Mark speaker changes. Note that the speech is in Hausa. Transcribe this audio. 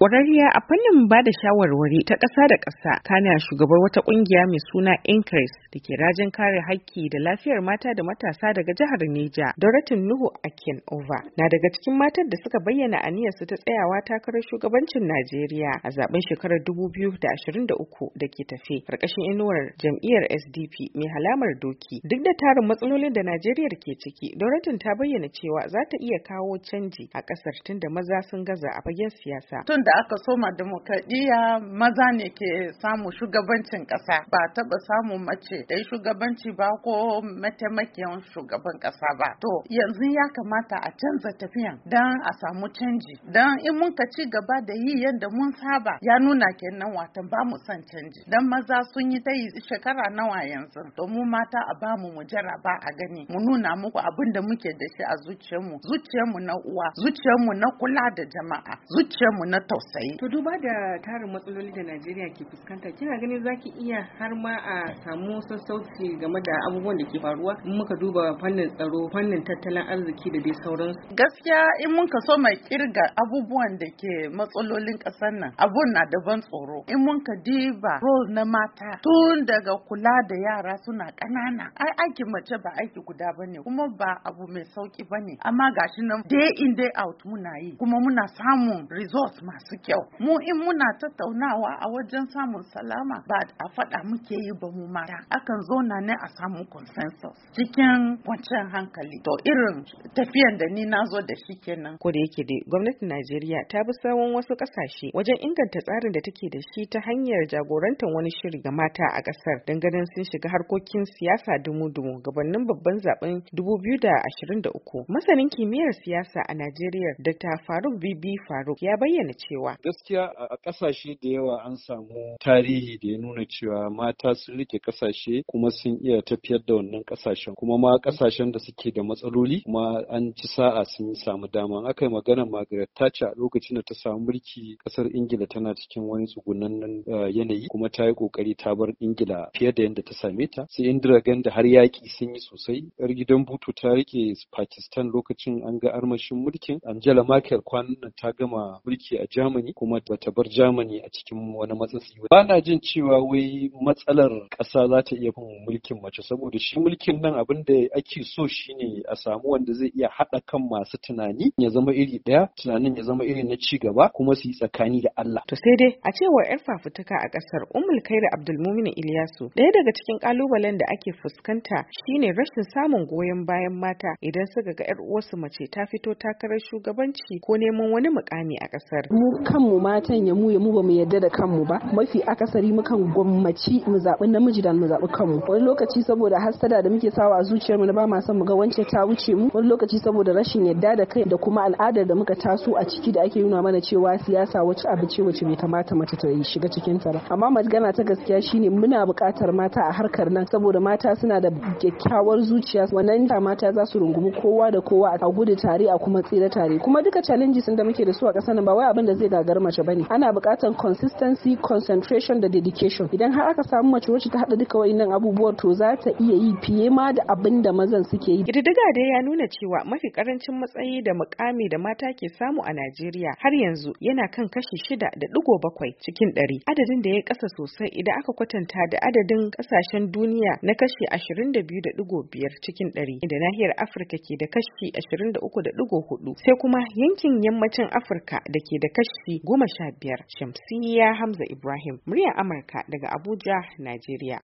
Speaker 1: kwararriya a fannin ba da shawarwari ta ƙasa da ƙasa kana shugabar wata ƙungiya mai suna INCREASE da ke rajin kare haƙƙi da lafiyar mata da matasa daga jihar Neja, Doratin Nuhu Akin Ova na daga cikin matar da suka bayyana a su ta tsayawa takarar shugabancin Najeriya a zaben shekarar 2023 da ke tafe ƙarƙashin inuwar jam'iyyar SDP mai halamar doki. Duk da tarin matsalolin da Najeriya ke ciki, Doratin ta bayyana cewa za ta iya kawo canji a ƙasar da maza sun gaza a fagen siyasa.
Speaker 2: da aka soma demokradiyya maza ne ke samu shugabancin kasa ba taba samu mace da shugabanci ba ko mataimakiyan shugaban kasa ba to yanzu ya kamata a canza tafiyan don a samu canji don in mun ka ci gaba da yi yadda mun saba ya nuna kenan watan ba mu son canji don maza sun yi ta shekara nawa yanzu mu mata a bamu mu jaraba a gani mu nuna muku abin da muke da shi a zuciyarmu zuciyarmu na uwa zuciyarmu na kula da jama'a zuciyarmu na tausayi
Speaker 1: sosai. To duba da tarin matsaloli da Najeriya ke fuskanta kina ganin zaki iya har ma a samu sassauci game da abubuwan da ke faruwa in muka duba fannin tsaro fannin tattalin arziki da dai sauransu.
Speaker 2: Gaskiya in mun so mai kirga abubuwan da ke matsalolin ƙasar nan abun na daban tsoro. In mun ka diba role na mata tun daga kula da yara suna ƙanana ai aikin mace ba aiki guda bane kuma ba abu mai sauki bane amma gashi nan day in day out muna yi kuma muna samun results masu masu kyau mu in muna tattaunawa a wajen samun salama ba a faɗa muke yi ba mu mata akan zo na ne a samu consensus cikin kwanciyar hankali to irin tafiyan da ni nazo da shi kenan
Speaker 1: ko da yake dai gwamnatin Najeriya ta bi sawon wasu ƙasashe wajen inganta tsarin da take da shi ta hanyar jagorantar wani shiri ga mata a kasar ganin sun shiga harkokin siyasa dumu-dumu gabanin babban zaben 2023 masanin kimiyyar siyasa a Najeriya Dr. Faruk Bibi Faruk ya bayyana cewa
Speaker 3: Gaskiya a ƙasashe da yawa an samu tarihi da ya nuna cewa mata sun rike ƙasashe kuma sun iya tafiyar da wannan ƙasashen kuma ma ƙasashen da suke da matsaloli kuma an ci sa'a sun samu dama. Aka yi magana Margaret Thatcher a lokacin da ta samu mulki ƙasar Ingila tana cikin wani tsugunannen eh, yanayi kuma ta yi ƙoƙari ta bar Ingila fiye da yadda ta same ta. Sai Indira Gandhi har yaƙi sun yi sosai. Yar gidan Butu ta rike Pakistan lokacin an ga armashin mulkin. Angela Merkel kwanan ta gama mulki a Jamus Germany kuma bata bar Germany a cikin wani matsatsi ba na jin cewa wai matsalar ƙasa za ta iya bin mulkin mace saboda shi mulkin nan abin da ake so shine a samu wanda zai iya haɗa kan masu tunani ya zama iri ɗaya tunanin ya zama iri na ci gaba kuma su yi tsakani da Allah to sai dai a cewar yar fafutuka a ƙasar Ummul Khairu Abdulmumin Ilyasu ɗaya daga
Speaker 1: cikin ƙalubalen da ake fuskanta shine rashin samun goyon bayan mata idan suka ga yar uwarsu mace ta fito takarar shugabanci ko neman wani mukami a ƙasar
Speaker 4: mu kanmu matan ya mu ya mu ba mu yadda da kanmu ba mafi akasari mukan gwammaci mu zaɓi namiji da mu zaɓi kanmu wani lokaci saboda hassada da muke sawa a zuciyarmu na ba ma son mu ga wance ta wuce mu wani lokaci saboda rashin yadda da kai da kuma al'adar da muka taso a ciki da ake nuna mana cewa siyasa wace abu ce wace bai kamata mace ta shiga cikin ta ba amma magana ta gaskiya shine muna buƙatar mata a harkar nan saboda mata suna da kyakkyawar zuciya wannan ta mata za su rungumi kowa da kowa a gudu tare a kuma tsira tare kuma duka challenges da muke da su a ƙasar nan ba wai abin da zai gagar mace bane ana buƙatar consistency concentration da dedication idan har aka samu mace wacce ta haɗa duka wayannan abubuwan to za ta iya yi fiye ma da abin da mazan suke yi ƙididdiga dai ya nuna cewa
Speaker 1: mafi ƙarancin matsayi da mukami da mata ke samu a Najeriya har yanzu yana kan kashi shida da ɗigo bakwai cikin ɗari adadin da ya ƙasa sosai idan aka kwatanta da adadin ƙasashen duniya na kashi ashirin da biyu da ɗigo biyar cikin ɗari inda nahiyar Afirka ke da kashi ashirin da uku da ɗigo hudu sai kuma yankin yammacin Afirka da ke da kashi HC goma sha biyar Shamsiyya Hamza Ibrahim, muryar Amurka daga Abuja, Najeriya.